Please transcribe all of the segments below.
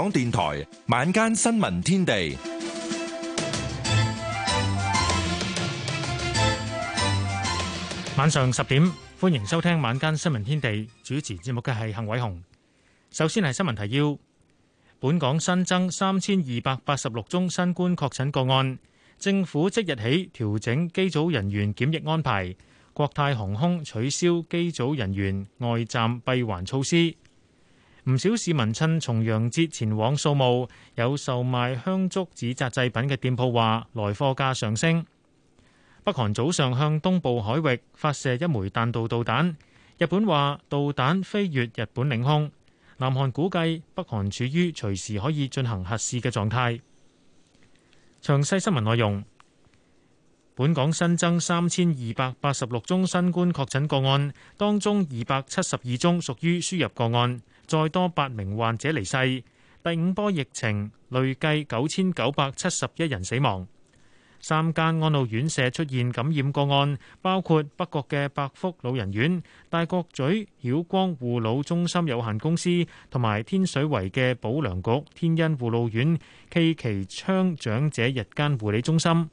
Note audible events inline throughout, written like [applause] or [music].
港電台晚間新聞天地，晚上十點，歡迎收聽晚間新聞天地。主持節目嘅係幸偉雄。首先係新聞提要：本港新增三千二百八十六宗新冠確診個案，政府即日起調整機組人員檢疫安排，國泰航空取消機組人員外站閉環措施。唔少市民趁重陽節前往掃墓，有售賣香燭、紙紮製品嘅店鋪話來貨價上升。北韓早上向東部海域發射一枚彈道導彈，日本話導彈飛越日本領空。南韓估計北韓處於隨時可以進行核試嘅狀態。詳細新聞內容：本港新增三千二百八十六宗新冠確診個案，當中二百七十二宗屬於輸入個案。再多八名患者離世，第五波疫情累計九千九百七十一人死亡。三間安老院舍出現感染個案，包括北角嘅百福老人院、大角咀曉光護老中心有限公司，同埋天水圍嘅保良局天恩護老院暨其昌長者日間護理中心。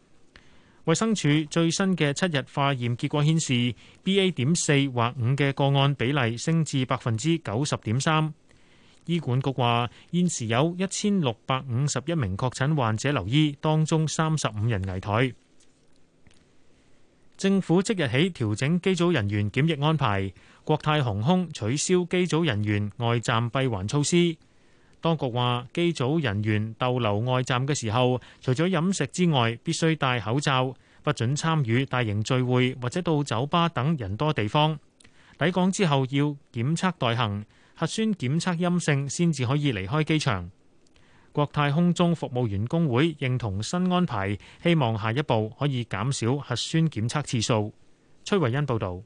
衛生署最新嘅七日化驗結果顯示，B A 點四或五嘅個案比例升至百分之九十點三。醫管局話，現時有一千六百五十一名確診患者留醫，當中三十五人危殆。政府即日起調整機組人員檢疫安排，國泰航空取消機組人員外站閉環措施。當局話，機組人員逗留外站嘅時候，除咗飲食之外，必須戴口罩，不准參與大型聚會或者到酒吧等人多地方。抵港之後要檢測待行，核酸檢測陰性先至可以離開機場。國泰空中服務員工會認同新安排，希望下一步可以減少核酸檢測次數。崔慧恩報導。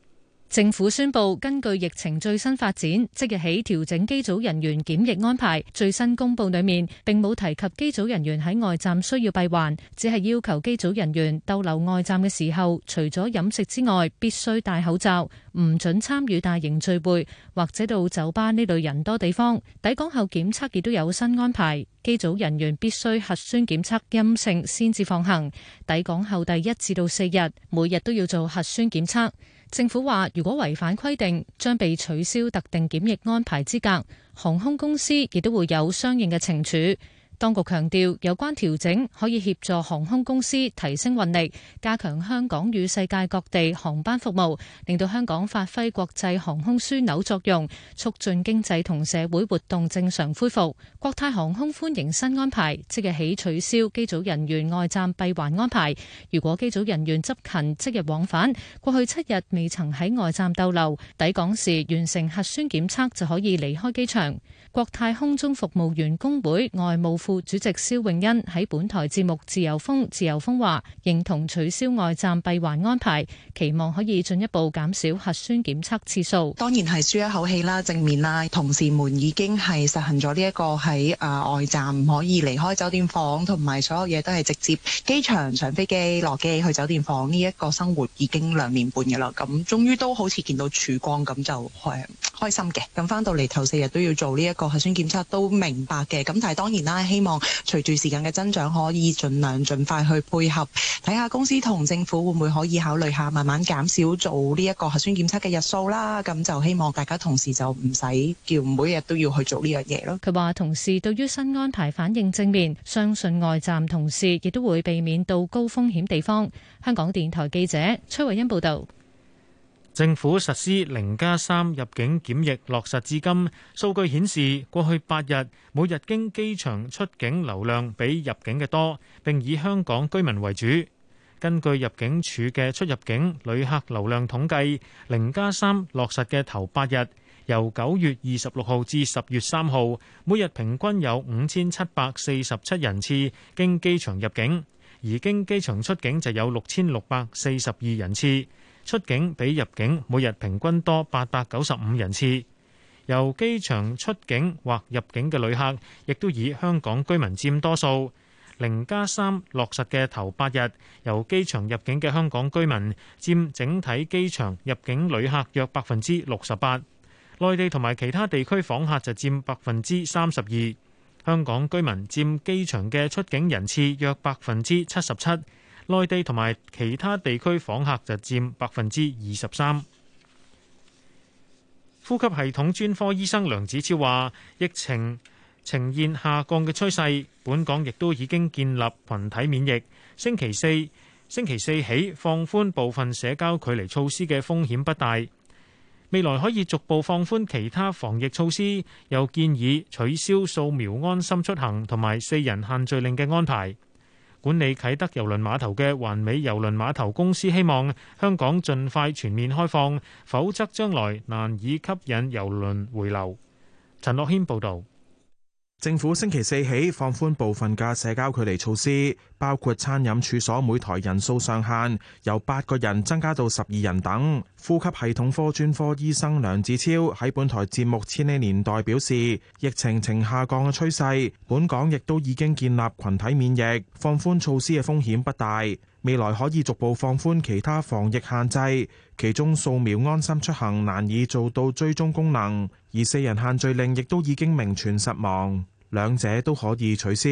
政府宣布，根據疫情最新發展，即日起調整機組人員檢疫安排。最新公布裏面並冇提及機組人員喺外站需要閉環，只係要求機組人員逗留外站嘅時候，除咗飲食之外，必須戴口罩，唔准參與大型聚會或者到酒吧呢類人多地方。抵港後檢測亦都有新安排，機組人員必須核酸檢測陰性先至放行。抵港後第一至到四日，每日都要做核酸檢測。政府話，如果違反規定，將被取消特定檢疫安排資格。航空公司亦都會有相應嘅懲處。當局強調，有關調整可以協助航空公司提升運力，加強香港與世界各地航班服務，令到香港發揮國際航空樞紐作用，促進經濟同社會活動正常恢復。國泰航空歡迎新安排，即日起取消機組人員外站閉環安排。如果機組人員執勤即日往返，過去七日未曾喺外站逗留，抵港時完成核酸檢測就可以離開機場。國泰空中服務員工會外務副主席蕭穎恩喺本台節目《自由風》自由風話，認同取消外站閉環安排，期望可以進一步減少核酸檢測次數。當然係舒一口氣啦，正面啦，同事們已經係實行咗呢一個喺啊外站唔可以離開酒店房，同埋所有嘢都係直接機場上飛機落機去酒店房呢一、這個生活已經兩年半噶啦，咁終於都好似見到曙光咁就開、嗯、開心嘅。咁翻到嚟頭四日都要做呢、這、一個。個核酸檢測都明白嘅，咁但係當然啦，希望隨住時間嘅增長，可以盡量盡快去配合，睇下公司同政府會唔會可以考慮下，慢慢減少做呢一個核酸檢測嘅日數啦。咁就希望大家同時就唔使叫每日都要去做呢樣嘢咯。佢話同事對於新安排反應正面，相信外站同事亦都會避免到高風險地方。香港電台記者崔慧欣報道。政府實施零加三入境檢疫，落實至今，數據顯示過去八日，每日經機場出境流量比入境嘅多，並以香港居民為主。根據入境處嘅出入境旅客流量統計，零加三落實嘅頭八日，由九月二十六號至十月三號，每日平均有五千七百四十七人次經機場入境，而經機場出境就有六千六百四十二人次。出境比入境每日平均多八百九十五人次。由機場出境或入境嘅旅客，亦都以香港居民佔多數。零加三落實嘅頭八日，由機場入境嘅香港居民佔整體機場入境旅客約百分之六十八，內地同埋其他地區訪客就佔百分之三十二。香港居民佔機場嘅出境人次約百分之七十七。內地同埋其他地區訪客就佔百分之二十三。呼吸系統專科醫生梁子超話：疫情呈現下降嘅趨勢，本港亦都已經建立群體免疫。星期四、星期四起放寬部分社交距離措施嘅風險不大，未來可以逐步放寬其他防疫措施。又建議取消掃描安心出行同埋四人限聚令嘅安排。管理啟德郵輪碼頭嘅環美郵輪碼頭公司希望香港盡快全面開放，否則將來難以吸引郵輪回流。陳樂謙報道。政府星期四起放寬部分嘅社交距離措施，包括餐飲處所每台人數上限由八個人增加到十二人等。呼吸系統科專科醫生梁志超喺本台節目《千禧年代》表示，疫情呈下降嘅趨勢，本港亦都已經建立群體免疫，放寬措施嘅風險不大。未來可以逐步放寬其他防疫限制，其中掃描安心出行難以做到追蹤功能，而四人限聚令亦都已經名存實亡。兩者都可以取消。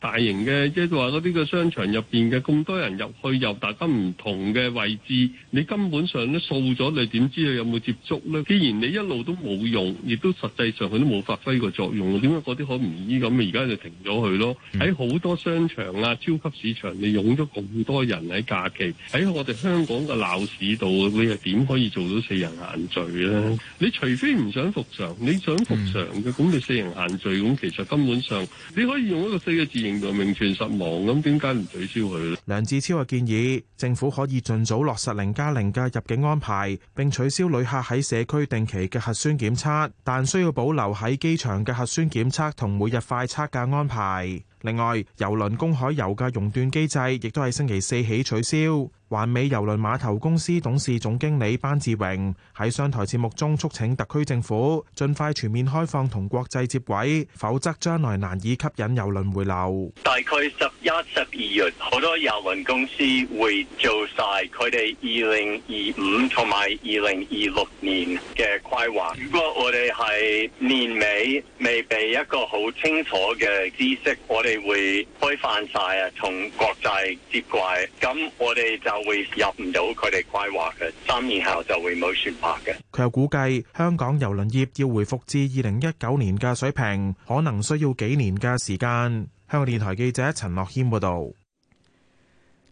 大型嘅即係話嗰啲個商場入邊嘅，咁多人入去，又大家唔同嘅位置，你根本上咧掃咗你點知佢有冇接觸咧？既然你一路都冇用，亦都實際上佢都冇發揮過作用，點解嗰啲可唔依咁？而家就停咗佢咯。喺好多商場啊、超級市場，你湧咗咁多人喺假期，喺我哋香港嘅鬧市度，你係點可以做到四人限聚咧？你除非唔想復常，你想復常嘅，咁你四人限聚，咁其實根本上你可以用一個四個字。令到名存實亡，咁點解唔取消佢咧？梁子超又建議政府可以盡早落實零加零嘅入境安排，並取消旅客喺社區定期嘅核酸檢測，但需要保留喺機場嘅核酸檢測同每日快測嘅安排。另外，郵輪公海遊嘅熔斷機制亦都係星期四起取消。環美郵輪碼頭公司董事總經理班志榮喺商台節目中促請特區政府盡快全面開放同國際接軌，否則將來難以吸引郵輪回流。大概十一、十二月，好多郵輪公司會做晒佢哋二零二五同埋二零二六年嘅規劃。如果我哋係年尾未畀一個好清楚嘅知識，會開放晒啊，同國際接軌，咁我哋就會入唔到佢哋規劃嘅，三年後就會冇船泊嘅。佢又估計香港遊輪業要回復至二零一九年嘅水平，可能需要幾年嘅時間。香港電台記者陳樂謙報道。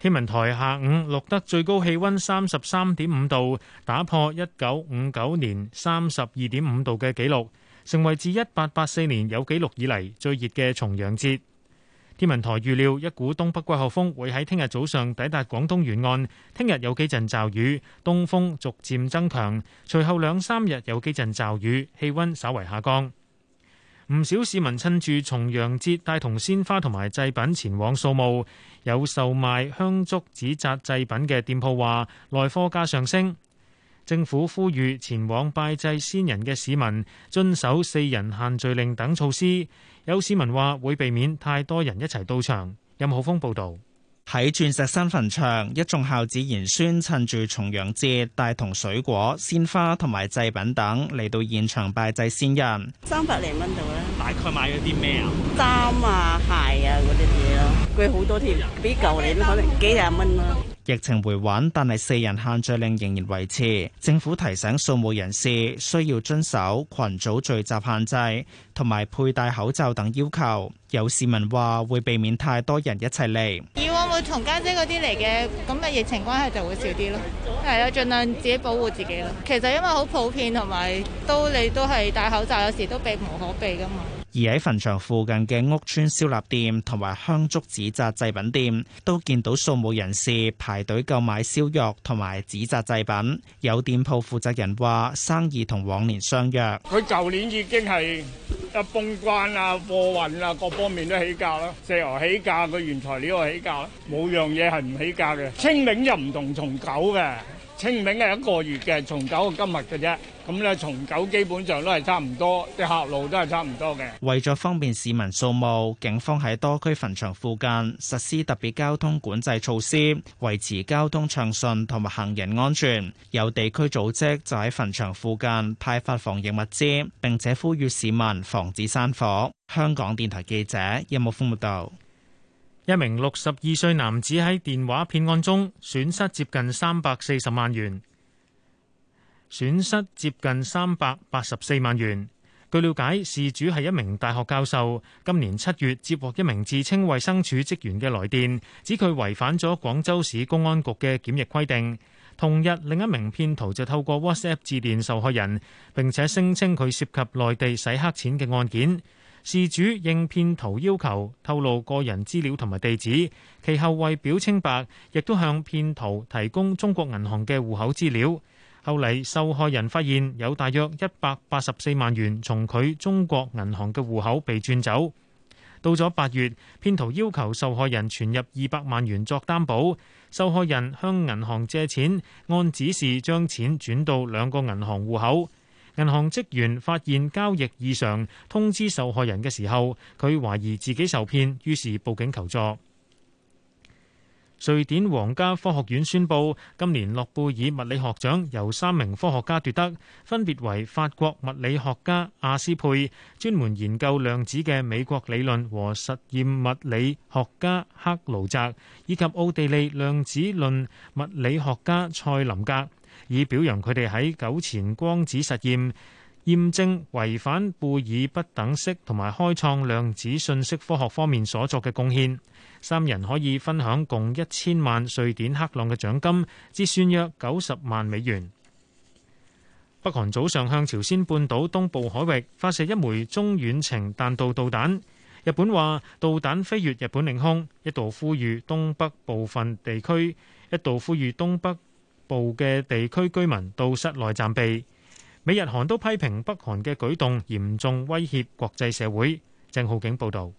天文台下午錄得最高氣溫三十三點五度，打破一九五九年三十二點五度嘅紀錄，成為自一八八四年有紀錄以嚟最熱嘅重陽節。天文台預料一股東北季候風會喺聽日早上抵達廣東沿岸，聽日有幾陣驟雨，東風逐漸增強，隨後兩三日有幾陣驟雨，氣温稍為下降。唔少市民趁住重陽節帶同鮮花同埋祭品前往掃墓，有售賣香燭、紙紮祭品嘅店鋪話，內貨價上升。政府呼籲前往拜祭先人嘅市民遵守四人限聚令等措施。有市民話會避免太多人一齊到場。任浩峯報導。喺鑽石山墳場，一眾孝子賢孫趁住重陽節，帶同水果、鮮花同埋祭品等嚟到現場拜祭先人。三百零蚊度啦。大概買咗啲咩啊？衫啊、鞋啊嗰啲嘢咯。貴好多添，比舊年可能幾廿蚊咯。疫情回穩，但係四人限聚令仍然維持。政府提醒掃墓人士需要遵守群組聚集限制同埋佩戴口罩等要求。有市民話會避免太多人一齊嚟，以往會同家姐嗰啲嚟嘅，咁嘅疫情關係就會少啲咯。係啊，盡量自己保護自己囉。其實因為好普遍，同埋都你都係戴口罩，有時都避無可避㗎嘛。而喺墳場附近嘅屋村燒臘店同埋香燭紙紮製品店，都見到數務人士排隊購買燒肉同埋紙紮製品。有店鋪負責人話，生意同往年相若。佢舊年已經係啊封關啊，貨運啊，各方面都起價啦。石油起價，佢原材料又起價，冇樣嘢係唔起價嘅。清明又唔同重九嘅。清明係一個月嘅，重九今日嘅啫。咁咧，重九基本上都係差唔多，啲客路都係差唔多嘅。為咗方便市民掃墓，警方喺多區墳場附近實施特別交通管制措施，維持交通暢順同埋行人安全。有地區組織就喺墳場附近派發防疫物資，並且呼籲市民防止山火。香港電台記者任木烽報道。有一名六十二歲男子喺電話騙案中損失接近三百四十萬元，損失接近三百八十四萬元。據了解，事主係一名大學教授，今年七月接獲一名自稱衛生署職員嘅來電，指佢違反咗廣州市公安局嘅檢疫規定。同日，另一名騙徒就透過 WhatsApp 致電受害人，並且聲稱佢涉及內地洗黑錢嘅案件。事主應騙徒要求透露個人資料同埋地址，其後為表清白，亦都向騙徒提供中國銀行嘅戶口資料。後嚟受害人發現有大約一百八十四萬元從佢中國銀行嘅戶口被轉走。到咗八月，騙徒要求受害人存入二百萬元作擔保，受害人向銀行借錢，按指示將錢轉到兩個銀行戶口。銀行職員發現交易異常，通知受害人嘅時候，佢懷疑自己受騙，於是報警求助。瑞典皇家科學院宣布，今年諾貝爾物理學獎由三名科學家奪得，分別為法國物理學家阿斯佩，專門研究量子嘅美國理論和實驗物理學家克勞澤，以及奧地利量子論物理學家塞林格。以表揚佢哋喺九前光子實驗驗證違反貝爾不等式同埋開創量子信息科學方面所作嘅貢獻，三人可以分享共一千萬瑞典克朗嘅獎金，折算約九十萬美元。北韓早上向朝鮮半島東部海域發射一枚中遠程彈道導彈，日本話導彈飛越日本領空，一度呼籲東北部分地區一度呼籲東北部嘅地區居民到室內暫避。美日韓都批評北韓嘅舉動嚴重威脅國際社會。鄭浩景報導，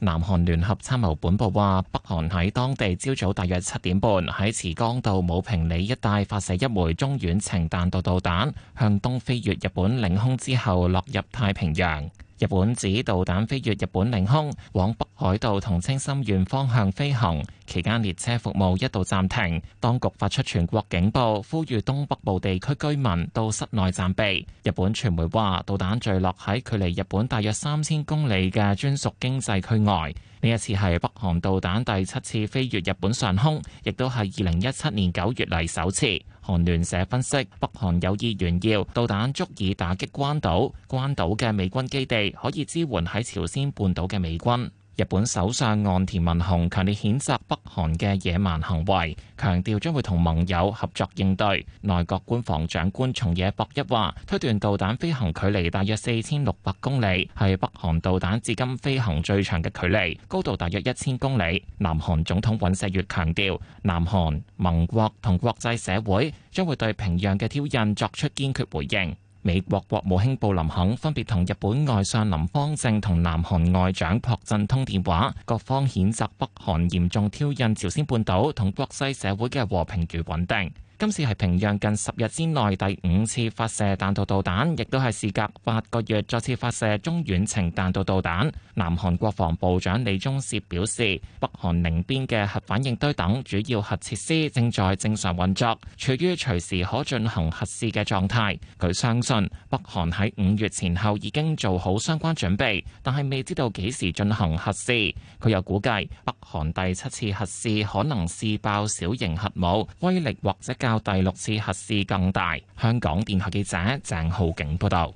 南韓聯合參謀本部話，北韓喺當地朝早大約七點半喺慈江道武平里一帶發射一枚中遠程彈道導彈，向東飛越日本領空之後落入太平洋。日本指導彈飛越日本領空，往北海道同青森縣方向飛行，期間列車服務一度暫停。當局發出全國警報，呼籲東北部地區居民到室內暫避。日本傳媒話，導彈墜落喺距離日本大約三千公里嘅專屬經濟區外。呢一次係北韓導彈第七次飛越日本上空，亦都係二零一七年九月嚟首次。韓聯社分析，北韓有意炫耀導彈足以打擊關島，關島嘅美軍基地可以支援喺朝鮮半島嘅美軍。日本首相岸田文雄強烈譴責北韓嘅野蠻行為，強調將會同盟友合作應對。內閣官房長官松野博一話，推斷導彈飛行距離大約四千六百公里，係北韓導彈至今飛行最長嘅距離，高度大約一千公里。南韓總統尹錫悅強調，南韓、盟國同國際社會將會對平壤嘅挑釁作出堅決回應。美國國務卿布林肯分別同日本外相林芳正同南韓外長朴振通電話，各方譴責北韓嚴重挑釁朝鮮半島同國際社會嘅和平與穩定。今次係平壤近十日之內第五次發射彈道導彈，亦都係事隔八個月再次發射中遠程彈道導彈。南韓國防部長李宗燮表示，北韓寧邊嘅核反應堆等主要核設施正在正常運作，處於隨時可進行核試嘅狀態。佢相信北韓喺五月前後已經做好相關準備，但係未知道幾時進行核試。佢又估計北韓第七次核試可能試爆小型核武，威力或者較第六次核試更大。香港電台記者鄭浩景報道。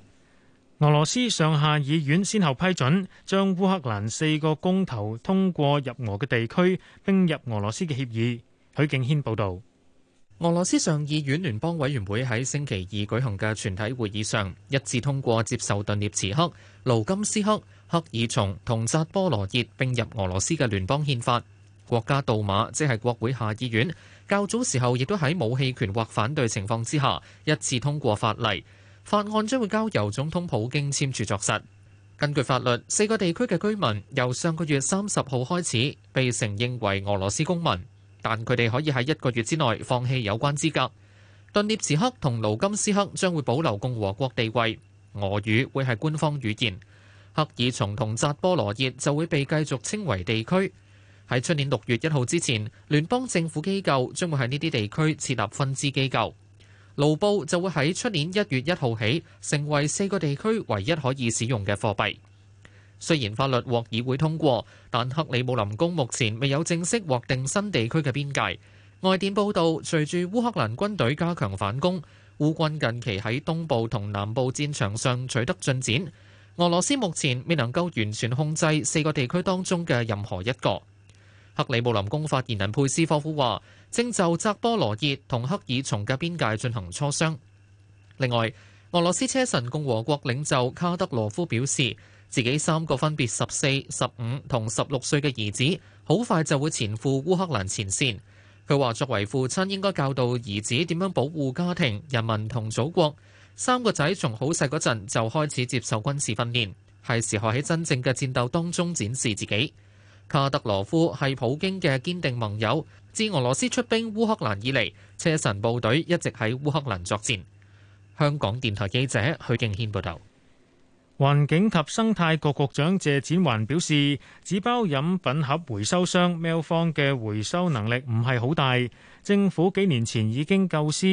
俄羅斯上下議院先後批准將烏克蘭四個公投通過入俄嘅地區並入俄羅斯嘅協議。許敬軒報道，俄羅斯上議院聯邦委員會喺星期二舉行嘅全體會議上一致通過接受頓涅茨克、盧甘斯克、赫爾松同扎波羅熱並入俄羅斯嘅聯邦憲法。國家杜馬即係國會下議院，較早時候亦都喺冇棄權或反對情況之下，一次通過法例。法案將會交由總統普京簽署作實。根據法律，四個地區嘅居民由上個月三十號開始被承認為俄羅斯公民，但佢哋可以喺一個月之內放棄有關資格。頓涅茨克同盧甘斯克將會保留共和國地位，俄語會係官方語言。克爾松同扎波羅熱就會被繼續稱為地區。喺出年六月一號之前，聯邦政府機構將會喺呢啲地區設立分支機構。盧布就會喺出年一月一號起成為四個地區唯一可以使用嘅貨幣。雖然法律獲議會通過，但克里姆林宮目前未有正式劃定新地區嘅邊界。外電報道，隨住烏克蘭軍隊加強反攻，烏軍近期喺東部同南部戰場上取得進展。俄羅斯目前未能夠完全控制四個地區當中嘅任何一個。克里姆林宮發言人佩斯科夫話，正就扎波羅熱同克爾松嘅邊界進行磋商。另外，俄羅斯車臣共和國領袖卡德羅夫表示，自己三個分別十四、十五同十六歲嘅兒子，好快就會前赴烏克蘭前線。佢話作為父親應該教導兒子點樣保護家庭、人民同祖國，三個仔從好細嗰陣就開始接受軍事訓練，係時候喺真正嘅戰鬥當中展示自己。卡德羅夫係普京嘅堅定盟友。自俄羅斯出兵烏克蘭以嚟，車臣部隊一直喺烏克蘭作戰。香港電台記者許敬軒報導。環境及生態局局長謝展寰表示，紙包飲品盒回收商 mail 方嘅回收能力唔係好大。政府幾年前已經構思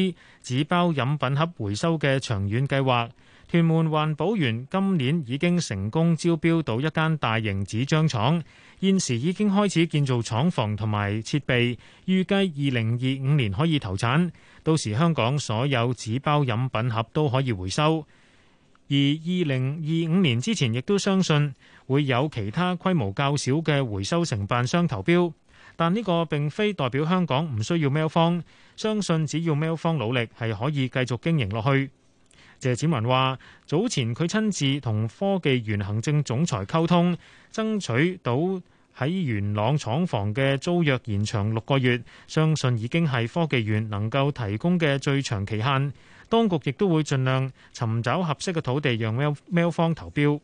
紙包飲品盒回收嘅長遠計劃。屯門環保園今年已經成功招標到一間大型紙張廠，現時已經開始建造廠房同埋設備，預計二零二五年可以投產。到時香港所有紙包飲品盒都可以回收。而二零二五年之前，亦都相信會有其他規模較小嘅回收承辦商投標。但呢個並非代表香港唔需要喵坊，相信只要喵坊努力，係可以繼續經營落去。謝展文話：早前佢親自同科技園行政總裁溝通，爭取到喺元朗廠房嘅租約延長六個月，相信已經係科技園能夠提供嘅最長期限。當局亦都會盡量尋找合適嘅土地，讓喵喵坊投標。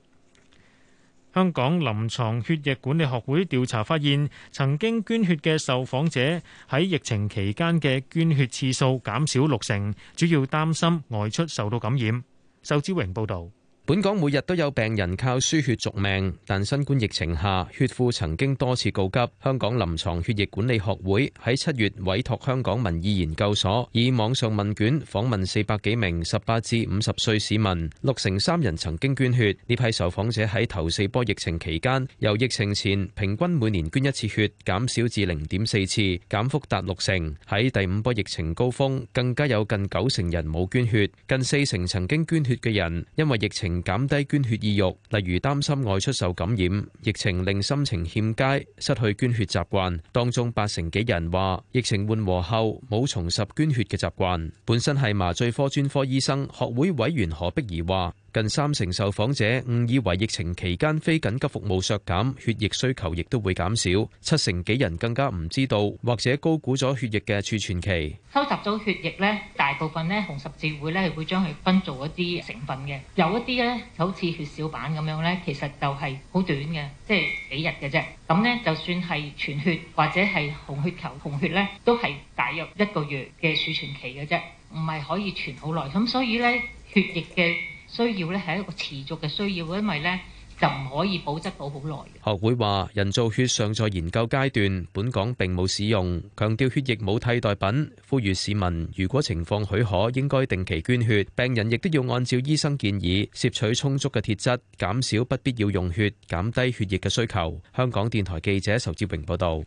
香港臨床血液管理學會調查發現，曾經捐血嘅受訪者喺疫情期間嘅捐血次數減少六成，主要擔心外出受到感染。仇志榮報導。本港每日都有病人靠輸血續命，但新冠疫情下，血庫曾經多次告急。香港臨床血液管理學會喺七月委託香港民意研究所，以網上問卷訪問四百幾名十八至五十歲市民，六成三人曾經捐血。呢批受訪者喺頭四波疫情期間，由疫情前平均每年捐一次血，減少至零點四次，減幅達六成。喺第五波疫情高峰，更加有近九成人冇捐血，近四成曾經捐血嘅人因為疫情，減低捐血意欲，例如擔心外出受感染，疫情令心情欠佳，失去捐血習慣。當中八成幾人話，疫情緩和後冇重拾捐血嘅習慣。本身係麻醉科專科醫生，學會委員何碧儀話。近三成受訪者誤以為疫情期間非緊急服務削減，血液需求亦都會減少。七成幾人更加唔知道，或者高估咗血液嘅儲存期。收集咗血液咧，大部分咧紅十字會咧係會將佢分做一啲成分嘅，有一啲咧就好似血小板咁樣咧，其實就係好短嘅，即係幾日嘅啫。咁咧，就算係全血或者係紅血球、紅血咧，都係大約一個月嘅儲存期嘅啫，唔係可以存好耐。咁所以咧，血液嘅需要呢，係一個持續嘅需要，因為呢，就唔可以保質保好耐。學會話人造血尚在研究階段，本港並冇使用，強調血液冇替代品，呼籲市民如果情況許可，應該定期捐血。病人亦都要按照醫生建議攝取充足嘅鐵質，減少不必要用血，減低血液嘅需求。香港電台記者仇志榮報道。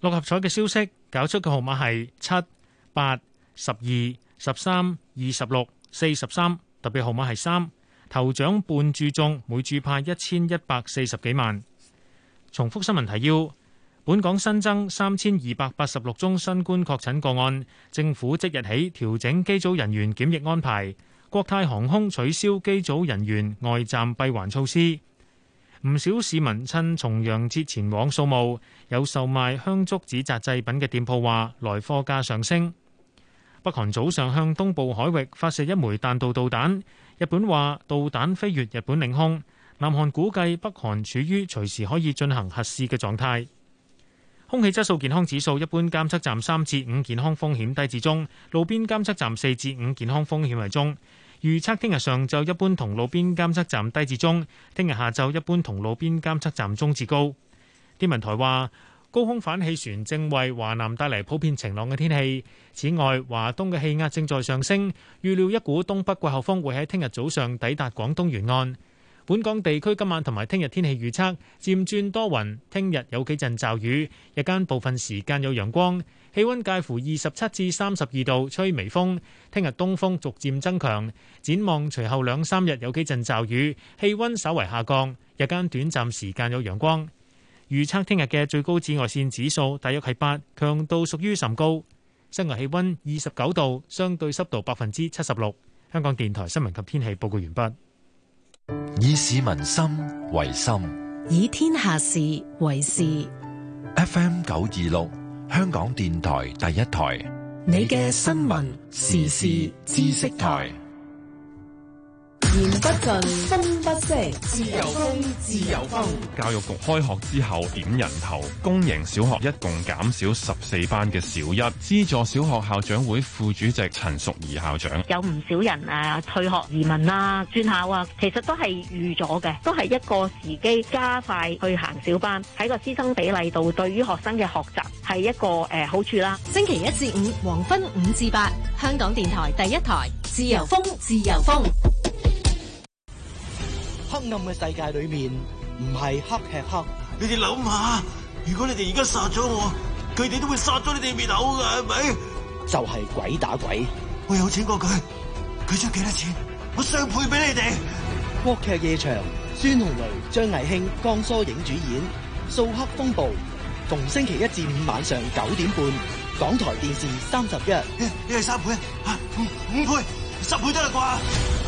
六合彩嘅消息，搞出嘅號碼係七八十二十三二十六四十三。特別號碼係三，頭獎半注中，每注派一千一百四十幾萬。重複新聞提要：本港新增三千二百八十六宗新冠確診個案，政府即日起調整機組人員檢疫安排。國泰航空取消機組人員外站閉環措施。唔少市民趁重陽節前往掃墓，有售賣香燭紙紮製品嘅店鋪話，來貨價上升。北韓早上向東部海域發射一枚彈道導彈，日本話導彈飛越日本領空。南韓估計北韓處於隨時可以進行核試嘅狀態。空氣質素健康指數一般監測站三至五健康風險低至中，路邊監測站四至五健康風險為中。預測聽日上晝一般同路邊監測站低至中，聽日下晝一般同路邊監測站中至高。天文台話。高空反氣旋正為華南帶嚟普遍晴朗嘅天氣。此外，華東嘅氣壓正在上升，預料一股東北季候風會喺聽日早上抵達廣東沿岸。本港地區今晚同埋聽日天氣預測漸轉多雲，聽日有幾陣驟雨，日間部分時間有陽光，氣溫介乎二十七至三十二度，吹微風，聽日東風逐漸增強。展望隨後兩三日有幾陣驟雨，氣溫稍為下降，日間短暫時間有陽光。預測聽日嘅最高紫外線指數大約係八，強度屬於甚高。室外氣溫二十九度，相對濕度百分之七十六。香港電台新聞及天氣報告完畢。以市民心為心，以天下事為事。FM 九二六，香港電台第一台，你嘅新聞時事知識台。言不盡，風不息，自由風，自由風。教育局開學之後點人頭？公營小學一共減少十四班嘅小一資助小學校長會副主席陳淑儀校長有唔少人誒、呃、退學移民啦、啊，轉校啊，其實都係預咗嘅，都係一個時機加快去行小班喺個師生比例度，對於學生嘅學習係一個誒、呃、好處啦。星期一至五黃昏五至八，香港電台第一台，自由風，自由風。黑暗嘅世界裏面唔係黑吃黑，你哋諗下，如果你哋而家殺咗我，佢哋都會殺咗你哋滅口噶，係咪？就係鬼打鬼，我有錢過佢，佢出幾多錢，我雙倍俾你哋。國劇夜場，孫紅雷、張藝興、江疏影主演《掃黑風暴》，逢星期一至五晚上九點半，港台電視三十一，你係三倍，吓五五倍，十倍得啦啩。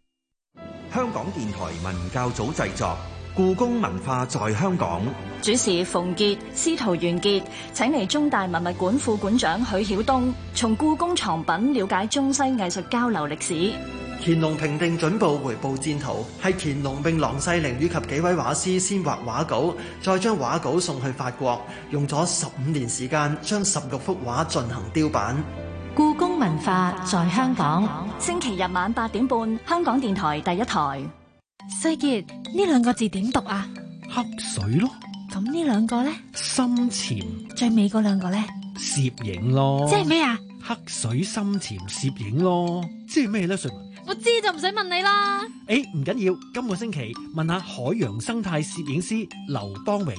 香港電台文教組製作《故宮文化在香港》，主持馮杰、司徒元杰請嚟中大文物館副館長許曉東，從故宮藏品，了解中西藝術交流歷史。乾隆平定準部回報戰圖係乾隆並郎世寧以及幾位畫師先畫畫稿，再將畫稿送去法國，用咗十五年時間將十六幅畫進行雕版。文化在香港。星期日晚八點半，香港電台第一台。細杰，呢兩個字點讀啊？黑水咯。咁呢兩個呢？深潛。最尾嗰兩個呢？攝影咯。即係咩啊？黑水深潛攝影咯。即係咩呢？順文，我知就唔使問你啦。誒，唔緊要。今個星期問下海洋生態攝影師劉邦榮。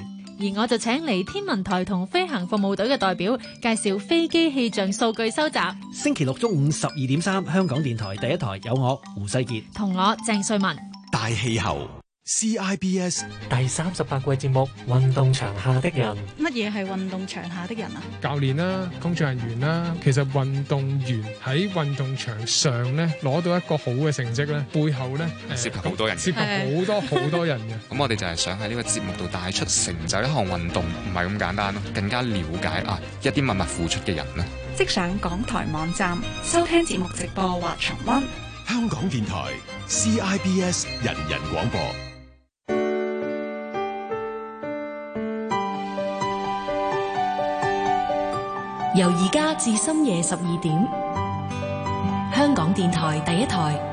而我就請嚟天文台同飛行服務隊嘅代表介紹飛機氣象數據收集。星期六中午十二點三，3, 香港電台第一台有我胡世傑，同我鄭瑞文，大氣候。CIBS 第三十八季節目《運動場下的人》啊，乜嘢係運動場下的人啊？教練啦、啊，工作人員啦、啊，其實運動員喺運動場上咧，攞到一個好嘅成績咧，背後咧、呃、涉及好多人，涉及好多好多人嘅。咁是的 [laughs] 我哋就係想喺呢個節目度帶出，成就一項運動唔係咁簡單咯、啊，更加了解啊一啲默默付出嘅人咯、啊。即上港台網站收聽節目直播，直播或重溫。香港電台 CIBS 人人廣播。由而家至深夜十二點，香港電台第一台。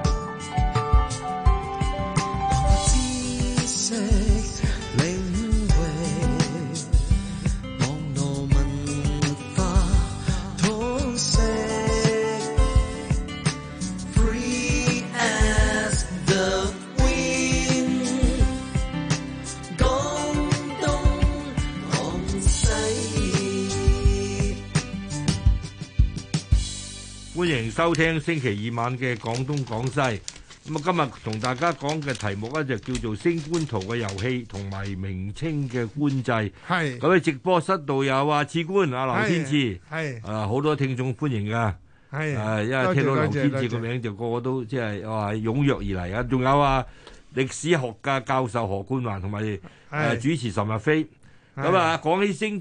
收聽星期二晚嘅廣東廣西，咁啊今日同大家講嘅題目咧就叫做升官圖嘅遊戲同埋明清嘅官制。係咁啊！直播室度有啊，賜官阿劉天賜，係啊，好多聽眾歡迎噶，係啊，因為聽到劉天賜個名就個個都即係話，踴躍而嚟啊！仲有啊，歷史學家教授何冠環同埋誒主持岑日飛，咁啊，講起升。